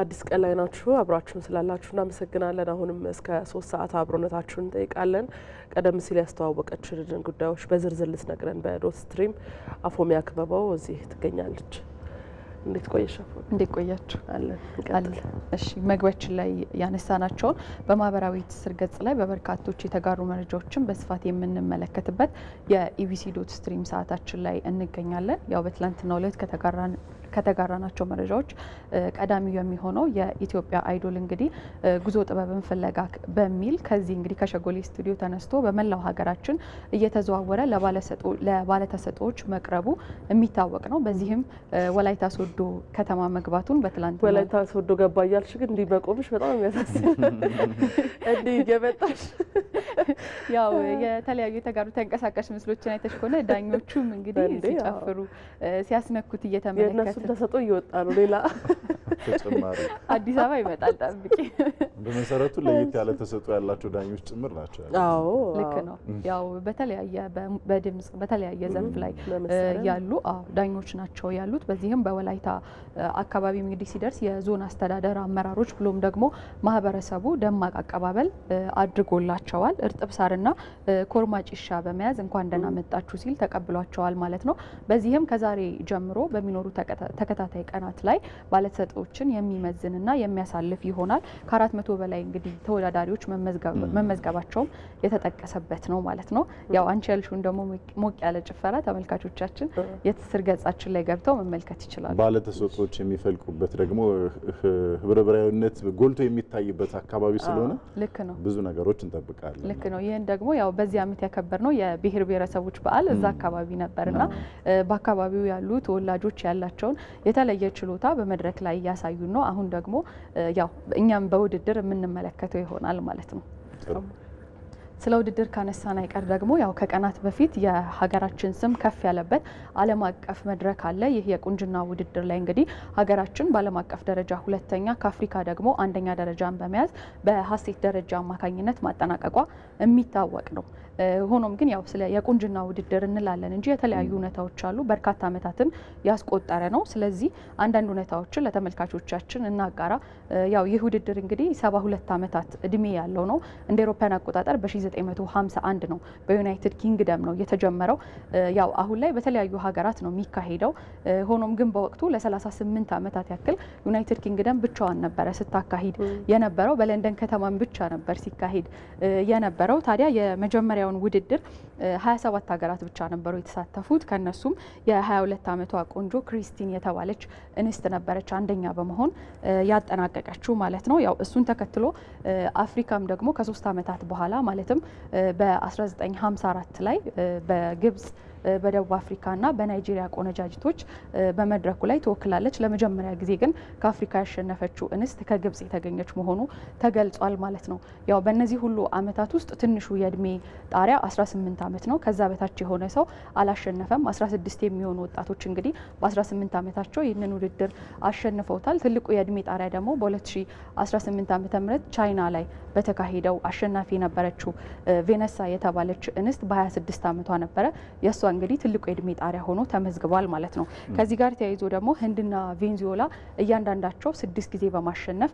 አዲስ ቀን ላይ ናችሁ። አብራችሁን ስላላችሁ እናመሰግናለን። አሁንም እስከ ሶስት ሰዓት አብሮነታችሁን እንጠይቃለን። ቀደም ሲል ያስተዋወቀችልን ጉዳዮች በዝርዝር ልትነግረን በዶት ስትሪም አፎሚያ ክበበው እዚህ ትገኛለች። እንዴት ቆየሽ? እንዴት ቆያችሁ? እሺ፣ መግቢያችን ላይ ያነሳናቸውን በማህበራዊ ትስስር ገጽ ላይ በበርካቶች የተጋሩ መረጃዎችን በስፋት የምንመለከትበት የኢቢሲ ዶት ስትሪም ሰዓታችን ላይ እንገኛለን። ያው በትላንትናው ዕለት ከተጋራን ከተጋራናቸው መረጃዎች ቀዳሚው የሚሆነው የኢትዮጵያ አይዶል እንግዲህ ጉዞ ጥበብን ፍለጋ በሚል ከዚህ እንግዲህ ከሸጎሌ ስቱዲዮ ተነስቶ በመላው ሀገራችን እየተዘዋወረ ለባለተሰጦች መቅረቡ የሚታወቅ ነው። በዚህም ወላይታ ሶዶ ከተማ መግባቱን በትላንት ወላይታ ሶዶ ገባ እያልሽ ግን እንዲህ በቆምሽ በጣም የሚያሳስ እንዲህ እየመጣሽ ያው የተለያዩ የተጋሩ ተንቀሳቃሽ ምስሎችን አይተሽ ከሆነ ዳኞቹም እንግዲህ ሲጨፍሩ ሲያስነኩት እየተመለከተ እሱም ተሰጦ እየወጣ ነው ሌላ ተጨማሪ አዲስ አበባ ይመጣል ጠብቂ። በመሰረቱ ለየት ያለ ተሰጥኦ ያላቸው ዳኞች ጭምር ናቸው። አዎ ልክ ነው። ያው በተለያየ በድምጽ በተለያየ ዘርፍ ላይ ያሉ ዳኞች ናቸው ያሉት። በዚህም በወላይታ አካባቢ እንግዲህ ሲደርስ የዞን አስተዳደር አመራሮች ብሎም ደግሞ ማህበረሰቡ ደማቅ አቀባበል አድርጎላቸዋል። እርጥብ ሳርና ኮርማ ጭሻ በመያዝ እንኳን ደህና መጣችሁ ሲል ተቀብሏቸዋል ማለት ነው። በዚህም ከዛሬ ጀምሮ በሚኖሩ ተከታታይ ቀናት ላይ ባለተሰጥ አማራጮችን የሚመዝንና የሚያሳልፍ ይሆናል። ከአራት መቶ በላይ እንግዲህ ተወዳዳሪዎች መመዝገባቸውም የተጠቀሰበት ነው ማለት ነው። ያው አንቺ ያልሽውን ደግሞ ሞቅ ያለ ጭፈራ ተመልካቾቻችን የትስር ገጻችን ላይ ገብተው መመልከት ይችላሉ። ባለተሰጦች የሚፈልቁበት ደግሞ ህብረብራዊነት ጎልቶ የሚታይበት አካባቢ ስለሆነ ልክ ነው ብዙ ነገሮች እንጠብቃለን። ልክ ነው። ይህን ደግሞ ያው በዚህ አመት ያከበር ነው የብሄር ብሔረሰቦች በዓል እዛ አካባቢ ነበርና በአካባቢው ያሉ ተወላጆች ያላቸውን የተለየ ችሎታ በመድረክ ላይ እያሳዩ ነው። አሁን ደግሞ ያው እኛም በውድድር የምንመለከተው ይሆናል ማለት ነው። ስለ ውድድር ካነሳን አይቀር ደግሞ ያው ከቀናት በፊት የሀገራችን ስም ከፍ ያለበት ዓለም አቀፍ መድረክ አለ። ይህ የቁንጅና ውድድር ላይ እንግዲህ ሀገራችን በዓለም አቀፍ ደረጃ ሁለተኛ፣ ከአፍሪካ ደግሞ አንደኛ ደረጃን በመያዝ በሀሴት ደረጃ አማካኝነት ማጠናቀቋ የሚታወቅ ነው። ሆኖም ግን ያው ስለ የቁንጅና ውድድር እንላለን እንጂ የተለያዩ እውነታዎች አሉ። በርካታ ዓመታትን ያስቆጠረ ነው። ስለዚህ አንዳንድ እውነታዎችን ለተመልካቾቻችን እናጋራ። ያው ይህ ውድድር እንግዲህ ሰባ ሁለት ዓመታት እድሜ ያለው ነው እንደ ኤሮፓያን አቆጣጠር በ 1951 ነው በዩናይትድ ኪንግደም ነው የተጀመረው። ያው አሁን ላይ በተለያዩ ሀገራት ነው የሚካሄደው። ሆኖም ግን በወቅቱ ለ38 ዓመታት ያክል ዩናይትድ ኪንግደም ብቻዋን ነበረ ስታካሂድ የነበረው። በለንደን ከተማም ብቻ ነበር ሲካሄድ የነበረው። ታዲያ የመጀመሪያውን ውድድር 27 ሀገራት ብቻ ነበሩ የተሳተፉት። ከነሱም የ22 ዓመቷ ቆንጆ ክሪስቲን የተባለች እንስት ነበረች አንደኛ በመሆን ያጠናቀቀችው ማለት ነው። ያው እሱን ተከትሎ አፍሪካም ደግሞ ከሶስት ዓመታት በኋላ ማለትም በ1954 ላይ በግብጽ በደቡብ አፍሪካና በናይጄሪያ ቆነጃጅቶች በመድረኩ ላይ ትወክላለች። ለመጀመሪያ ጊዜ ግን ከአፍሪካ ያሸነፈችው እንስት ከግብጽ የተገኘች መሆኑ ተገልጿል ማለት ነው። ያው በእነዚህ ሁሉ ዓመታት ውስጥ ትንሹ የእድሜ ጣሪያ 18 ዓመት ነው። ከዛ በታች የሆነ ሰው አላሸነፈም። 16 የሚሆኑ ወጣቶች እንግዲህ በ18 ዓመታቸው ይህንን ውድድር አሸንፈውታል። ትልቁ የእድሜ ጣሪያ ደግሞ በ2018 ዓ ም ቻይና ላይ በተካሄደው አሸናፊ የነበረችው ቬነሳ የተባለች እንስት በ26 ዓመቷ ነበረ የእሷ እንግዲህ ትልቁ የእድሜ ጣሪያ ሆኖ ተመዝግቧል ማለት ነው። ከዚህ ጋር ተያይዞ ደግሞ ህንድና ቬንዙዌላ እያንዳንዳቸው ስድስት ጊዜ በማሸነፍ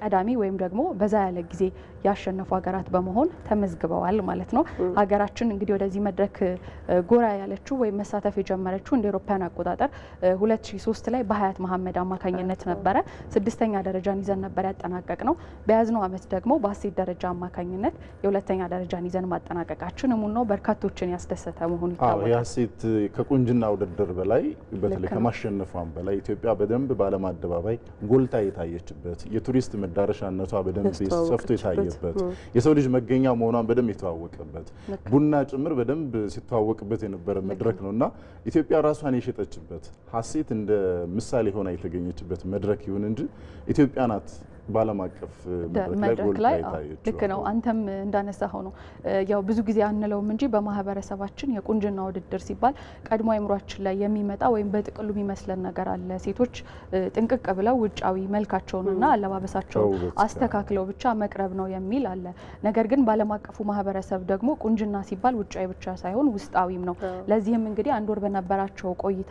ቀዳሚ ወይም ደግሞ በዛ ያለ ጊዜ ያሸነፉ ሀገራት በመሆን ተመዝግበዋል ማለት ነው። ሀገራችን እንግዲህ ወደዚህ መድረክ ጎራ ያለችው ወይም መሳተፍ የጀመረችው እንደ ኤሮፓያን አቆጣጠር 2003 ላይ በሀያት መሀመድ አማካኝነት ነበረ። ስድስተኛ ደረጃን ይዘን ነበር ያጠናቀቅ ነው። በያዝነው አመት ደግሞ በአሴት ደረጃ አማካኝነት የሁለተኛ ደረጃን ይዘን ማጠናቀቃችን እሙን ነው። በርካቶችን ያስደሰተ መሆኑ ይታወቃል። የሀሴት ከቁንጅና ውድድር በላይ በተለይ ከማሸነፏን በላይ ኢትዮጵያ በደንብ በዓለም አደባባይ ጎልታ የታየችበት የቱሪስት መዳረሻነቷ በደንብ ሰፍቶ የታየበት የሰው ልጅ መገኛ መሆኗን በደንብ የተዋወቀበት ቡና ጭምር በደንብ ሲተዋወቅበት የነበረ መድረክ ነው እና ኢትዮጵያ ራሷን የሸጠችበት ሀሴት እንደ ምሳሌ ሆና የተገኘችበት መድረክ ይሁን እንጂ ኢትዮጵያ ናት በዓለም አቀፍ መድረክ ላይ ልክ ነው። አንተም እንዳነሳኸው ነው። ያው ብዙ ጊዜ አንለውም እንጂ በማህበረሰባችን የቁንጅና ውድድር ሲባል ቀድሞ አይምሯችን ላይ የሚመጣ ወይም በጥቅሉ የሚመስለን ነገር አለ። ሴቶች ጥንቅቅ ብለው ውጫዊ መልካቸውንና አለባበሳቸውን አስተካክለው ብቻ መቅረብ ነው የሚል አለ። ነገር ግን በዓለም አቀፉ ማህበረሰብ ደግሞ ቁንጅና ሲባል ውጫዊ ብቻ ሳይሆን ውስጣዊም ነው። ለዚህም እንግዲህ አንድ ወር በነበራቸው ቆይታ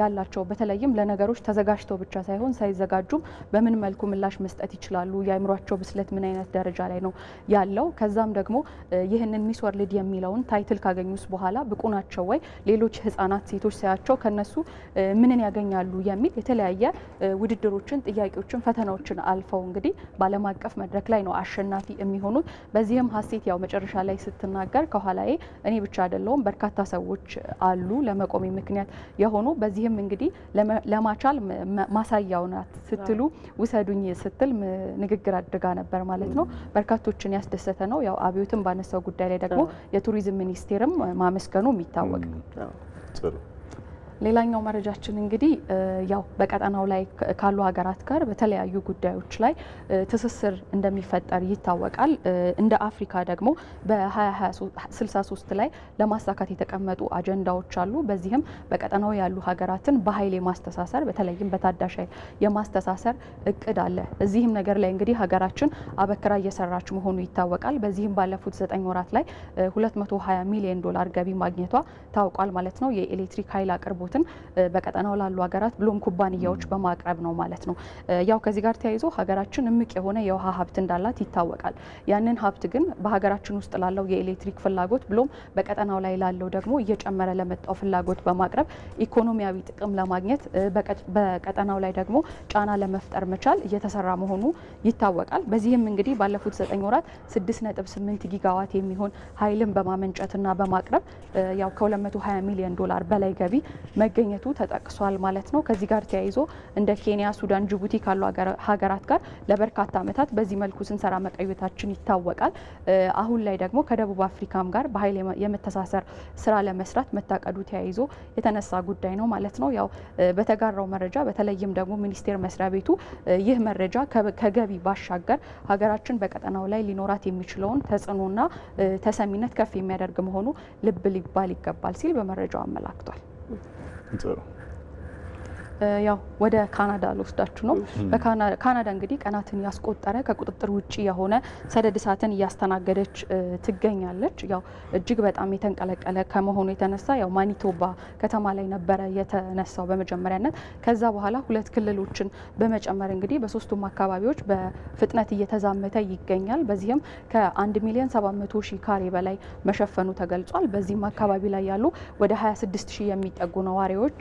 ያላቸው በተለይም ለነገሮች ተዘጋጅተው ብቻ ሳይሆን ሳይዘጋጁም በምን መልኩ ምላሽ መስጠት ይችላሉ? የአእምሯቸው ብስለት ምን አይነት ደረጃ ላይ ነው ያለው? ከዛም ደግሞ ይህንን ሚስ ወርልድ የሚለውን ታይትል ካገኙስ በኋላ ብቁ ናቸው ወይ? ሌሎች ህጻናት፣ ሴቶች ሳያቸው ከነሱ ምንን ያገኛሉ የሚል የተለያየ ውድድሮችን፣ ጥያቄዎችን፣ ፈተናዎችን አልፈው እንግዲህ በዓለም አቀፍ መድረክ ላይ ነው አሸናፊ የሚሆኑት። በዚህም ሀሴት ያው መጨረሻ ላይ ስትናገር ከኋላዬ እኔ ብቻ አይደለውም በርካታ ሰዎች አሉ ለመቆሜ ምክንያት የሆኑ በዚህም እንግዲህ ለማቻል ማሳያው ናት ስትሉ ውሰዱኝ ስት ስትል ንግግር አድርጋ ነበር ማለት ነው። በርካቶችን ያስደሰተ ነው። ያው አብዮትን ባነሳው ጉዳይ ላይ ደግሞ የቱሪዝም ሚኒስቴርም ማመስገኑ የሚታወቅ ሌላኛው መረጃችን እንግዲህ ያው በቀጠናው ላይ ካሉ ሀገራት ጋር በተለያዩ ጉዳዮች ላይ ትስስር እንደሚፈጠር ይታወቃል። እንደ አፍሪካ ደግሞ በ2063 ላይ ለማሳካት የተቀመጡ አጀንዳዎች አሉ። በዚህም በቀጠናው ያሉ ሀገራትን በኃይል የማስተሳሰር በተለይም በታዳሽ ኃይል የማስተሳሰር እቅድ አለ። እዚህም ነገር ላይ እንግዲህ ሀገራችን አበክራ እየሰራች መሆኑ ይታወቃል። በዚህም ባለፉት ዘጠኝ ወራት ላይ 220 ሚሊዮን ዶላር ገቢ ማግኘቷ ታውቋል ማለት ነው። የኤሌክትሪክ ኃይል አቅርቦ የሚሰሩትን በቀጠናው ላሉ ሀገራት ብሎም ኩባንያዎች በማቅረብ ነው ማለት ነው። ያው ከዚህ ጋር ተያይዞ ሀገራችን እምቅ የሆነ የውሃ ሀብት እንዳላት ይታወቃል። ያንን ሀብት ግን በሀገራችን ውስጥ ላለው የኤሌክትሪክ ፍላጎት ብሎም በቀጠናው ላይ ላለው ደግሞ እየጨመረ ለመጣው ፍላጎት በማቅረብ ኢኮኖሚያዊ ጥቅም ለማግኘት በቀጠናው ላይ ደግሞ ጫና ለመፍጠር መቻል እየተሰራ መሆኑ ይታወቃል። በዚህም እንግዲህ ባለፉት ዘጠኝ ወራት 6.8 ጊጋዋት የሚሆን ኃይልን በማመንጨትና በማቅረብ ያው ከ220 ሚሊዮን ዶላር በላይ ገቢ መገኘቱ ተጠቅሷል ማለት ነው። ከዚህ ጋር ተያይዞ እንደ ኬንያ፣ ሱዳን፣ ጅቡቲ ካሉ ሀገራት ጋር ለበርካታ ዓመታት በዚህ መልኩ ስንሰራ መቀየታችን ይታወቃል። አሁን ላይ ደግሞ ከደቡብ አፍሪካም ጋር በኃይል የመተሳሰር ስራ ለመስራት መታቀዱ ተያይዞ የተነሳ ጉዳይ ነው ማለት ነው። ያው በተጋራው መረጃ በተለይም ደግሞ ሚኒስቴር መስሪያ ቤቱ ይህ መረጃ ከገቢ ባሻገር ሀገራችን በቀጠናው ላይ ሊኖራት የሚችለውን ተጽዕኖና ተሰሚነት ከፍ የሚያደርግ መሆኑ ልብ ሊባል ይገባል ሲል በመረጃው አመላክቷል። You ያው ወደ ካናዳ ልወስዳችሁ ነው። ካናዳ እንግዲህ ቀናትን ያስቆጠረ ከቁጥጥር ውጭ የሆነ ሰደድ እሳትን እያስተናገደች ትገኛለች። ያው እጅግ በጣም የተንቀለቀለ ከመሆኑ የተነሳ ያው ማኒቶባ ከተማ ላይ ነበረ የተነሳው በመጀመሪያነት። ከዛ በኋላ ሁለት ክልሎችን በመጨመር እንግዲህ በሶስቱም አካባቢዎች በፍጥነት እየተዛመተ ይገኛል። በዚህም ከአንድ ሚሊዮን ሰ7መቶ ሺህ ካሬ በላይ መሸፈኑ ተገልጿል። በዚህም አካባቢ ላይ ያሉ ወደ 26 ሺህ የሚጠጉ ነዋሪዎች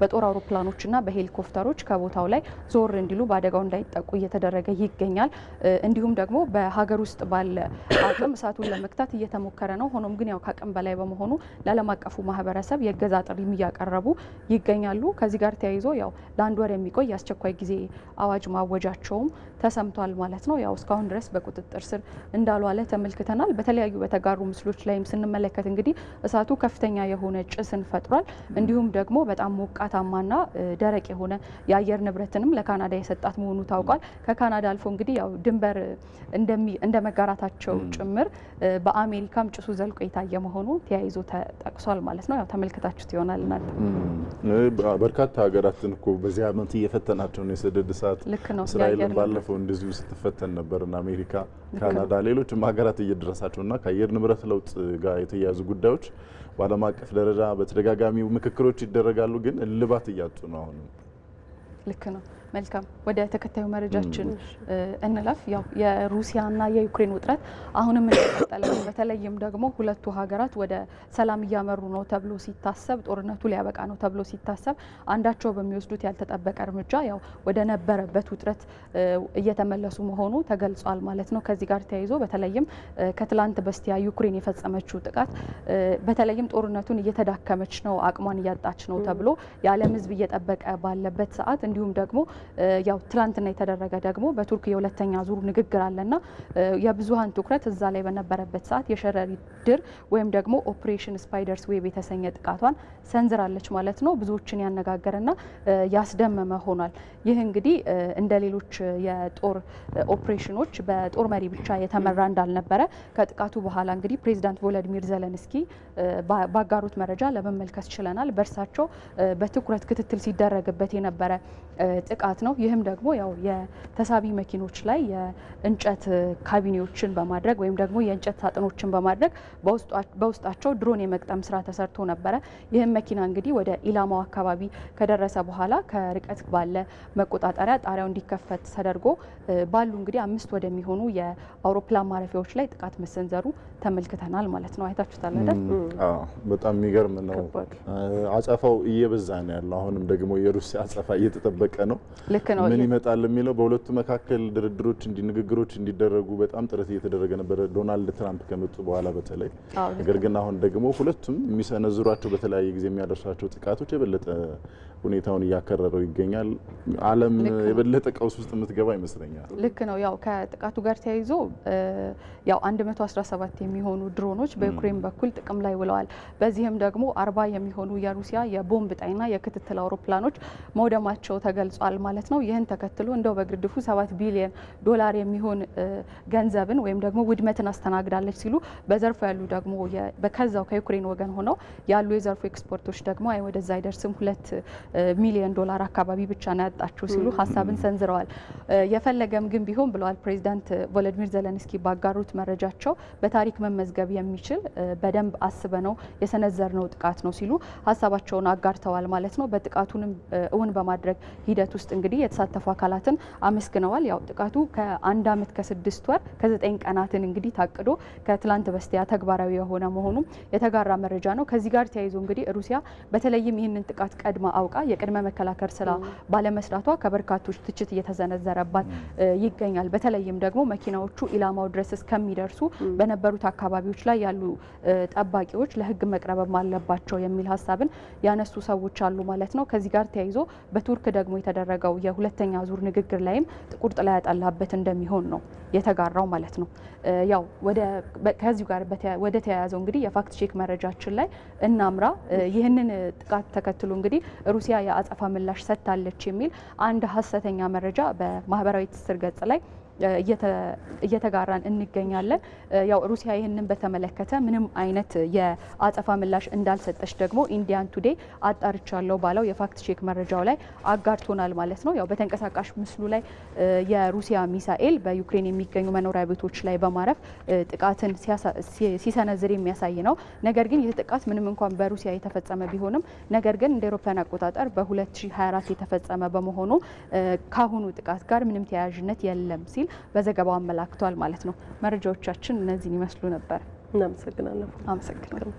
በጦር አውሮፕላኖች በድሮኖችና በሄሊኮፕተሮች ከቦታው ላይ ዞር እንዲሉ በአደጋው እንዳይጠቁ እየተደረገ ይገኛል። እንዲሁም ደግሞ በሀገር ውስጥ ባለ አቅም እሳቱን ለመክታት እየተሞከረ ነው። ሆኖም ግን ያው ከአቅም በላይ በመሆኑ ለዓለም አቀፉ ማህበረሰብ የእገዛ ጥሪም እያቀረቡ ይገኛሉ። ከዚህ ጋር ተያይዞ ያው ለአንድ ወር የሚቆይ የአስቸኳይ ጊዜ አዋጅ ማወጃቸውም ተሰምቷል ማለት ነው። ያው እስካሁን ድረስ በቁጥጥር ስር እንዳልዋለ ተመልክተናል። በተለያዩ በተጋሩ ምስሎች ላይም ስንመለከት እንግዲህ እሳቱ ከፍተኛ የሆነ ጭስን ፈጥሯል። እንዲሁም ደግሞ በጣም ሞቃታማና ደረቅ የሆነ የአየር ንብረትንም ለካናዳ የሰጣት መሆኑ ታውቋል። ከካናዳ አልፎ እንግዲህ ያው ድንበር እንደ መጋራታቸው ጭምር በአሜሪካም ጭሱ ዘልቆ የታየ መሆኑ ተያይዞ ተጠቅሷል ማለት ነው። ያው ተመልክታችሁት ይሆናል እናንተ። በርካታ ሀገራትን እኮ በዚህ ዓመት እየፈተናቸው ነው የሰደድ እሳት። ልክ ነው። እስራኤልን ባለፈው እንደዚሁ ስትፈተን ነበርና አሜሪካ፣ ካናዳ፣ ሌሎችም ሀገራት እየደረሳቸው እና ከአየር ንብረት ለውጥ ጋር የተያያዙ ጉዳዮች በዓለም አቀፍ ደረጃ በተደጋጋሚ ምክክሮች ይደረጋሉ፣ ግን እልባት እያጡ ነው አሁንም። ልክ ነው። መልካም ወደ ተከታዩ መረጃችን እንለፍ። ያው የሩሲያና የዩክሬን ውጥረት አሁንም እንደቀጠለ ነው። በተለይም ደግሞ ሁለቱ ሀገራት ወደ ሰላም እያመሩ ነው ተብሎ ሲታሰብ፣ ጦርነቱ ሊያበቃ ነው ተብሎ ሲታሰብ አንዳቸው በሚወስዱት ያልተጠበቀ እርምጃ ያው ወደ ነበረበት ውጥረት እየተመለሱ መሆኑ ተገልጿል ማለት ነው። ከዚህ ጋር ተያይዞ በተለይም ከትላንት በስቲያ ዩክሬን የፈጸመችው ጥቃት በተለይም ጦርነቱን እየተዳከመች ነው፣ አቅሟን እያጣች ነው ተብሎ የዓለም ሕዝብ እየጠበቀ ባለበት ሰዓት እንዲሁም ደግሞ ያው ትላንትና የተደረገ ደግሞ በቱርክ የሁለተኛ ዙር ንግግር አለና የብዙሀን ትኩረት እዛ ላይ በነበረበት ሰዓት የሸረሪ ድር ወይም ደግሞ ኦፕሬሽን ስፓይደርስ ዌብ የተሰኘ ጥቃቷን ሰንዝራለች ማለት ነው። ብዙዎችን ያነጋገረና ያስደመመ ሆኗል። ይህ እንግዲህ እንደ ሌሎች የጦር ኦፕሬሽኖች በጦር መሪ ብቻ የተመራ እንዳልነበረ ከጥቃቱ በኋላ እንግዲህ ፕሬዚዳንት ቮለዲሚር ዘለንስኪ ባጋሩት መረጃ ለመመልከት ችለናል። በእርሳቸው በትኩረት ክትትል ሲደረግበት የነበረ ጥቃት ስርዓት ነው። ይህም ደግሞ ያው የተሳቢ መኪኖች ላይ የእንጨት ካቢኔዎችን በማድረግ ወይም ደግሞ የእንጨት ሳጥኖችን በማድረግ በውስጣቸው ድሮን የመቅጠም ስራ ተሰርቶ ነበረ። ይህም መኪና እንግዲህ ወደ ኢላማው አካባቢ ከደረሰ በኋላ ከርቀት ባለ መቆጣጠሪያ ጣሪያው እንዲከፈት ተደርጎ ባሉ እንግዲህ አምስት ወደሚሆኑ የአውሮፕላን ማረፊያዎች ላይ ጥቃት መሰንዘሩ ተመልክተናል ማለት ነው። አይታችሁታል አይደል? በጣም የሚገርም ነው። አጸፋው እየበዛ ነው ያለው። አሁንም ደግሞ የሩሲያ አጸፋ እየተጠበቀ ነው። ምን ይመጣል የሚለው በሁለቱ መካከል ድርድሮች እንዲ ንግግሮች እንዲደረጉ በጣም ጥረት እየተደረገ ነበረ ዶናልድ ትራምፕ ከመጡ በኋላ በተለይ። ነገር ግን አሁን ደግሞ ሁለቱም የሚሰነዝሯቸው በተለያየ ጊዜ የሚያደርሷቸው ጥቃቶች የበለጠ ሁኔታውን እያከረረው ይገኛል። ዓለም የበለጠ ቀውስ ውስጥ የምትገባ ይመስለኛል። ልክ ነው። ያው ከጥቃቱ ጋር ተያይዞ ያው 117 የሚሆኑ ድሮኖች በዩክሬን በኩል ጥቅም ላይ ውለዋል። በዚህም ደግሞ አርባ የሚሆኑ የሩሲያ የቦምብ ጣይና የክትትል አውሮፕላኖች መውደማቸው ተገልጿል ማለት ነው። ይህን ተከትሎ እንደው በግርድፉ 7 ቢሊዮን ዶላር የሚሆን ገንዘብን ወይም ደግሞ ውድመትን አስተናግዳለች ሲሉ በዘርፉ ያሉ ደግሞ ከዛው ከዩክሬን ወገን ሆነው ያሉ የዘርፉ ኤክስፐርቶች ደግሞ አይ ወደዛ አይደርስም ሁለት ሚሊዮን ዶላር አካባቢ ብቻ ነው ያጣችው ሲሉ ሀሳብን ሰንዝረዋል። የፈለገም ግን ቢሆን ብለዋል ፕሬዚዳንት ቮሎዲሚር ዘለንስኪ ባጋሩት መረጃቸው በታሪክ መመዝገብ የሚችል በደንብ አስበነው ነው ጥቃት ነው ሲሉ ሀሳባቸውን አጋርተዋል ማለት ነው። በጥቃቱንም እውን በማድረግ ሂደት ውስጥ እንግዲህ የተሳተፉ አካላትን አመስግነዋል። ያው ጥቃቱ ከአንድ ዓመት ከስድስት ወር ከዘጠኝ ቀናትን እንግዲህ ታቅዶ ከትላንት በስቲያ ተግባራዊ የሆነ መሆኑም የተጋራ መረጃ ነው። ከዚህ ጋር ተያይዞ እንግዲህ ሩሲያ በተለይም ይህንን ጥቃት ቀድማ አውቃ የቅድመ መከላከል ስራ ባለመስራቷ ከበርካቶች ትችት እየተዘነዘረባት ይገኛል። በተለይም ደግሞ መኪናዎቹ ኢላማው ድረስ እስከሚደርሱ በነበሩት አካባቢዎች ላይ ያሉ ጠባቂዎች ለህግ መቅረብም አለባቸው የሚል ሀሳብን ያነሱ ሰዎች አሉ ማለት ነው። ከዚህ ጋር ተያይዞ በቱርክ ደግሞ የተደረገው የሁለተኛ ዙር ንግግር ላይም ጥቁር ጥላ ያጠላበት እንደሚሆን ነው የተጋራው ማለት ነው። ያው ከዚሁ ጋር ወደ ተያያዘው እንግዲህ የፋክት ቼክ መረጃችን ላይ እናምራ። ይህንን ጥቃት ተከትሎ እንግዲህ ሩሲያ ሩሲያ የአጸፋ ምላሽ ሰጥታለች የሚል አንድ ሀሰተኛ መረጃ በማህበራዊ ትስስር ገጽ ላይ እየተጋራን እንገኛለን። ያው ሩሲያ ይህንን በተመለከተ ምንም አይነት የአጸፋ ምላሽ እንዳልሰጠች ደግሞ ኢንዲያን ቱዴ አጣርቻለሁ ባለው የፋክት ቼክ መረጃው ላይ አጋርቶናል ማለት ነው። ያው በተንቀሳቃሽ ምስሉ ላይ የሩሲያ ሚሳኤል በዩክሬን የሚገኙ መኖሪያ ቤቶች ላይ በማረፍ ጥቃትን ሲሰነዝር የሚያሳይ ነው። ነገር ግን ይህ ጥቃት ምንም እንኳን በሩሲያ የተፈጸመ ቢሆንም ነገር ግን እንደ ኤሮፓያን አቆጣጠር በ2024 የተፈጸመ በመሆኑ ካሁኑ ጥቃት ጋር ምንም ተያያዥነት የለም ሲል በዘገባው አመላክቷል ማለት ነው። መረጃዎቻችን እነዚህን ይመስሉ ነበር። እናመሰግናለን። አመሰግናለሁ።